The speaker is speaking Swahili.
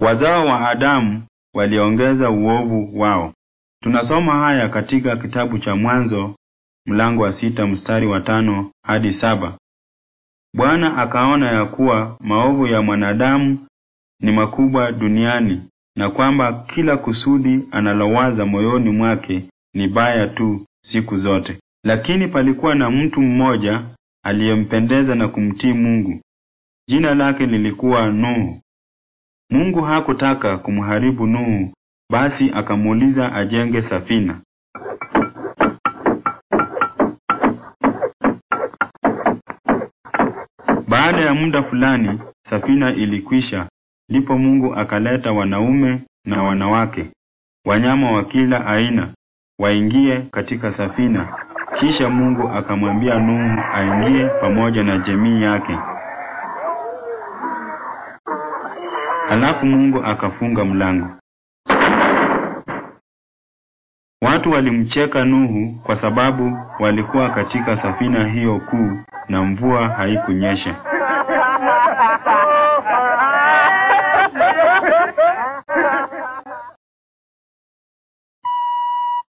Wazao wa Adamu waliongeza uovu wao. Tunasoma haya katika kitabu cha Mwanzo mlango wa sita mstari wa tano hadi saba. Bwana akaona ya kuwa maovu ya mwanadamu ni makubwa duniani na kwamba kila kusudi analowaza moyoni mwake ni baya tu siku zote. Lakini palikuwa na mtu mmoja aliyempendeza na kumtii Mungu. Jina lake lilikuwa Nuhu. Mungu hakutaka kumharibu Nuhu basi akamuuliza ajenge safina Baada ya muda fulani safina ilikwisha, ndipo Mungu akaleta wanaume na wanawake, wanyama wa kila aina, waingie katika safina. Kisha Mungu akamwambia Nuhu aingie pamoja na jamii yake. Halafu Mungu akafunga mlango. Watu walimcheka Nuhu kwa sababu walikuwa katika safina hiyo kuu na mvua haikunyesha.